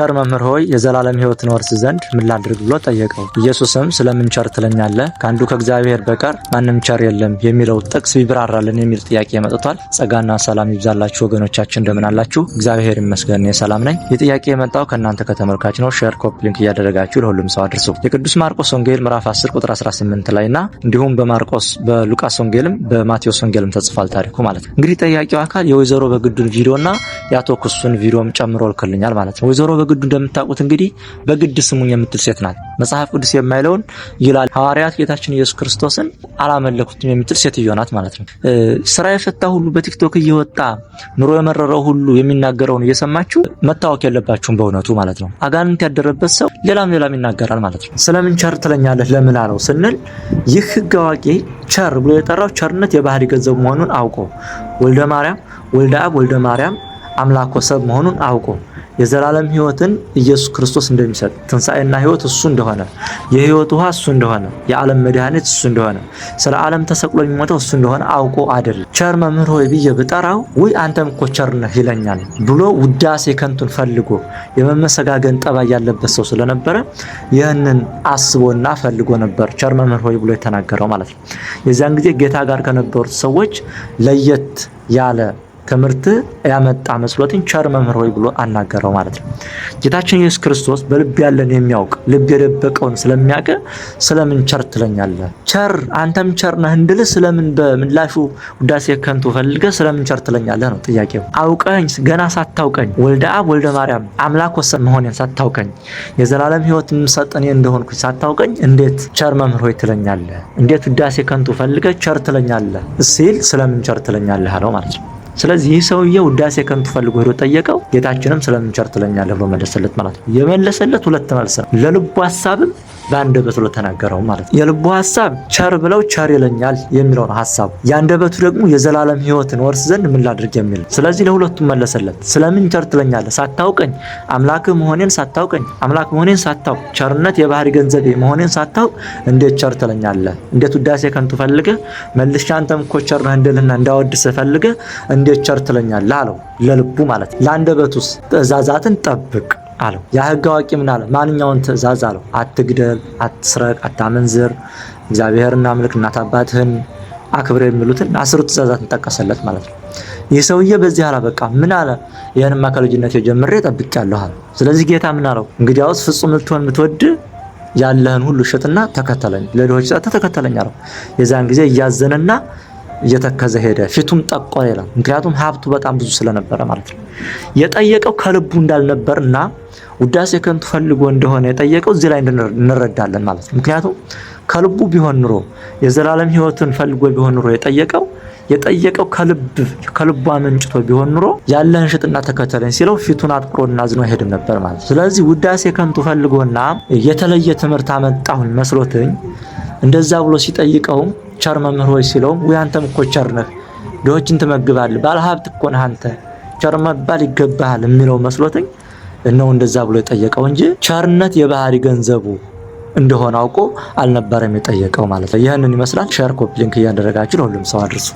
ቸር መምህር ሆይ የዘላለም ሕይወትን ወርስ ዘንድ ምን ላድርግ ብሎ ጠየቀው። ኢየሱስም ስለምን ቸር ትለኛለህ? ከአንዱ ከእግዚአብሔር በቀር ማንም ቸር የለም የሚለው ጥቅስ ቢብራራልን የሚል ጥያቄ መጥቷል። ጸጋና ሰላም ይብዛላችሁ ወገኖቻችን፣ እንደምን አላችሁ? እግዚአብሔር ይመስገን ሰላም ነኝ። ይህ ጥያቄ የመጣው ከእናንተ ከተመልካች ነው። ሼር ኮፕ ሊንክ እያደረጋችሁ ለሁሉም ሰው አድርሱ። የቅዱስ ማርቆስ ወንጌል ምዕራፍ 10 ቁጥር 18 ላይ እና እንዲሁም በማርቆስ በሉቃስ ወንጌልም በማቴዎስ ወንጌልም ተጽፏል ታሪኩ ማለት ነው። እንግዲህ ጠያቂው አካል የወይዘሮ በግዱን ቪዲዮና የአቶ ክሱን ቪዲዮም ጨምሮ ልክልኛል ማለት ነው። ወይዘሮ በግዱ እንደምታውቁት እንግዲህ በግድ ስሙኝ የምትል ሴት ናት። መጽሐፍ ቅዱስ የማይለውን ይላል። ሐዋርያት ጌታችን ኢየሱስ ክርስቶስን አላመለኩትም የምትል ሴትዮ ናት ማለት ነው። ስራ የፈታ ሁሉ በቲክቶክ እየወጣ ኑሮ የመረረው ሁሉ የሚናገረውን እየሰማችሁ መታወክ የለባችሁም በእውነቱ ማለት ነው። አጋንንት ያደረበት ሰው ሌላም ሌላም ይናገራል ማለት ነው። ስለምን ቸር ትለኛለህ ለምን አለው ስንል ይህ ህግ አዋቂ ቸር ብሎ የጠራው ቸርነት የባህሪ ገንዘብ መሆኑን አውቆ ወልደ ማርያም ወልደ አብ ወልደ ማርያም አምላኮ ሰብ መሆኑን አውቆ የዘላለም ህይወትን ኢየሱስ ክርስቶስ እንደሚሰጥ ትንሣኤና ህይወት እሱ እንደሆነ የህይወት ውሃ እሱ እንደሆነ የዓለም መድኃኒት እሱ እንደሆነ ስለ ዓለም ተሰቅሎ የሚሞተው እሱ እንደሆነ አውቆ አይደለም። ቸር መምህር ሆይ ብዬ ብጠራው ውይ አንተም እኮ ቸር ነህ ይለኛል ብሎ ውዳሴ ከንቱን ፈልጎ የመመሰጋገን ጠባይ ያለበት ሰው ስለነበረ ይህንን አስቦና ፈልጎ ነበር ቸር መምህር ሆይ ብሎ የተናገረው ማለት ነው። የዚያን ጊዜ ጌታ ጋር ከነበሩት ሰዎች ለየት ያለ ትምህርት ያመጣ መስሎትኝ ቸር መምህር ሆይ ብሎ አናገረው ማለት ነው። ጌታችን ኢየሱስ ክርስቶስ በልብ ያለን የሚያውቅ ልብ የደበቀውን ስለሚያውቅ ስለምን ቸር ትለኛለህ? ቸር አንተም ቸር ነህ እንድል ስለምን በምላሹ ውዳሴ ከንቱ ፈልገ ስለምን ቸር ትለኛለህ ነው ጥያቄው። አውቀኝ ገና ሳታውቀኝ ወልደ አብ ወልደ ማርያም አምላክ ወሰን መሆኔን ሳታውቀኝ የዘላለም ህይወት የምሰጥ እኔ እንደሆንኩ ሳታውቀኝ እንዴት ቸር መምህር ሆይ ትለኛለህ? እንዴት ውዳሴ ከንቱ ፈልገ ቸር ትለኛለህ ሲል ስለምን ቸር ትለኛለህ አለው ማለት ነው። ስለዚህ ይህ ሰውዬ ውዳሴ ከንቱ ፈልጎ ሄዶ ጠየቀው። ጌታችንም ስለምን ቸር ትለኛለህ ብሎ መለሰለት ማለት ነው። የመለሰለት ሁለት መልስ ነው፣ ለልቡ ሀሳብም በአንደበቱ ለተናገረው ማለት ነው። የልቡ ሀሳብ ቸር ብለው ቸር ይለኛል የሚለው ነው ሀሳቡ። የአንደበቱ ደግሞ የዘላለም ህይወትን ወርስ ዘንድ ምን ላድርግ የሚል ስለዚህ ለሁለቱም መለሰለት። ስለምን ቸር ትለኛለህ? ሳታውቀኝ አምላክ መሆኔን ሳታውቀኝ አምላክ መሆኔን ሳታውቅ ቸርነት የባህሪ ገንዘቤ መሆኔን ሳታውቅ እንዴት ቸር ትለኛለህ? እንዴት ውዳሴ ከንቱ ፈልገህ መልሼ አንተም እኮ ቸር ነህ እንድልና እንዳወድስህ ፈልገህ እንዴት ቸር ትለኛለህ አለው። ለልቡ ማለት ለአንደበቱስ ትእዛዛትን ጠብቅ አለው። ያ ህግ አዋቂ ምን አለ? ማንኛውን ትእዛዝ አለው፣ አትግደል፣ አትስረቅ፣ አታመንዝር፣ እግዚአብሔርን አምልክ፣ እናት አባትህን አክብር የሚሉትን አስሩ ትእዛዛትን ጠቀሰለት ማለት ነው። ይህ ሰውዬ በዚህ አላበቃ ምን አለ? ይህንማ ከልጅነት ጀምሬ ጠብቄያለሁ አለ። ስለዚህ ጌታ ምን አለው? እንግዲያውስ ፍጹም ልትሆን የምትወድ ያለህን ሁሉ ሽጥና ተከተለኝ፣ ለድሆች ሰጥተህ ተከተለኝ አለው። የዛን ጊዜ እያዘነና እየተከዘ ሄደ፣ ፊቱም ጠቆረ ይላል። ምክንያቱም ሀብቱ በጣም ብዙ ስለነበረ ማለት ነው። የጠየቀው ከልቡ እንዳልነበርና ውዳሴ ከንቱ ፈልጎ እንደሆነ የጠየቀው እዚህ ላይ እንረዳለን ማለት ነው። ምክንያቱም ከልቡ ቢሆን ኑሮ የዘላለም ሕይወትን ፈልጎ ቢሆን ኑሮ የጠየቀው የጠየቀው ከልብ ከልቡ አመንጭቶ ቢሆን ኑሮ ያለህን ሽጥና ተከተለኝ ሲለው ፊቱን አጥቁሮና አዝኖ አይሄድም ነበር ማለት ነው። ስለዚህ ውዳሴ ከንቱ ፈልጎና የተለየ ትምህርት አመጣሁን መስሎትኝ እንደዛ ብሎ ሲጠይቀውም ቸር መምህር ሆይ ሲለውም ወይ አንተም እኮ ቸር ነህ፣ ድሆችን ትመግባለህ፣ ባለሀብት እኮ ነህ አንተ ቸር መባል ይገባሃል የሚለው መስሎትኝ ነው እንደዛ ብሎ የጠየቀው እንጂ ቸርነት የባህሪ ገንዘቡ እንደሆነ አውቆ አልነበረም የጠየቀው ማለት ነው። ይህንን ይመስላል። ሸር ኮፒ ሊንክ እያደረጋችሁ ሁሉም ሰው አድርሱ።